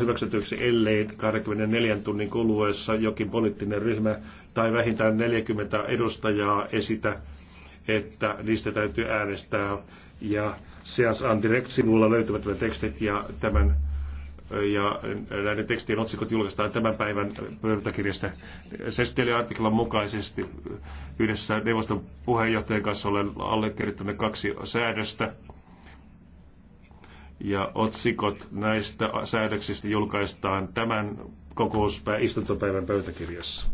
hyväksytyksi, ellei 24 tunnin kuluessa jokin poliittinen ryhmä tai vähintään 40 edustajaa esitä, että niistä täytyy äänestää. Ja Seas andirect sivulla löytyvät tekstit ja, tämän, ja näiden tekstien otsikot julkaistaan tämän päivän pöytäkirjasta. 74 artiklan mukaisesti yhdessä neuvoston puheenjohtajan kanssa olen allekirjoittanut kaksi säädöstä ja otsikot näistä säädöksistä julkaistaan tämän kokouspäivän istuntopäivän pöytäkirjassa.